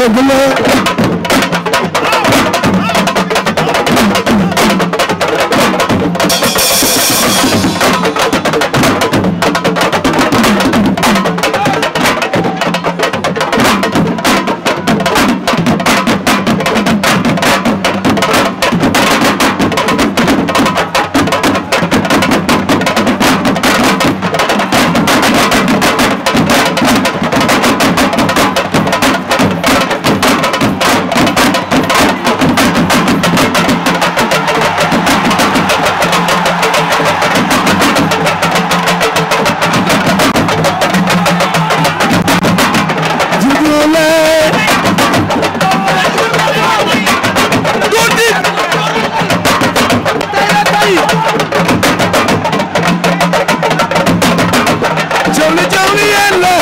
Ada Bouleye yéen la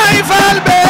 Baay Faal be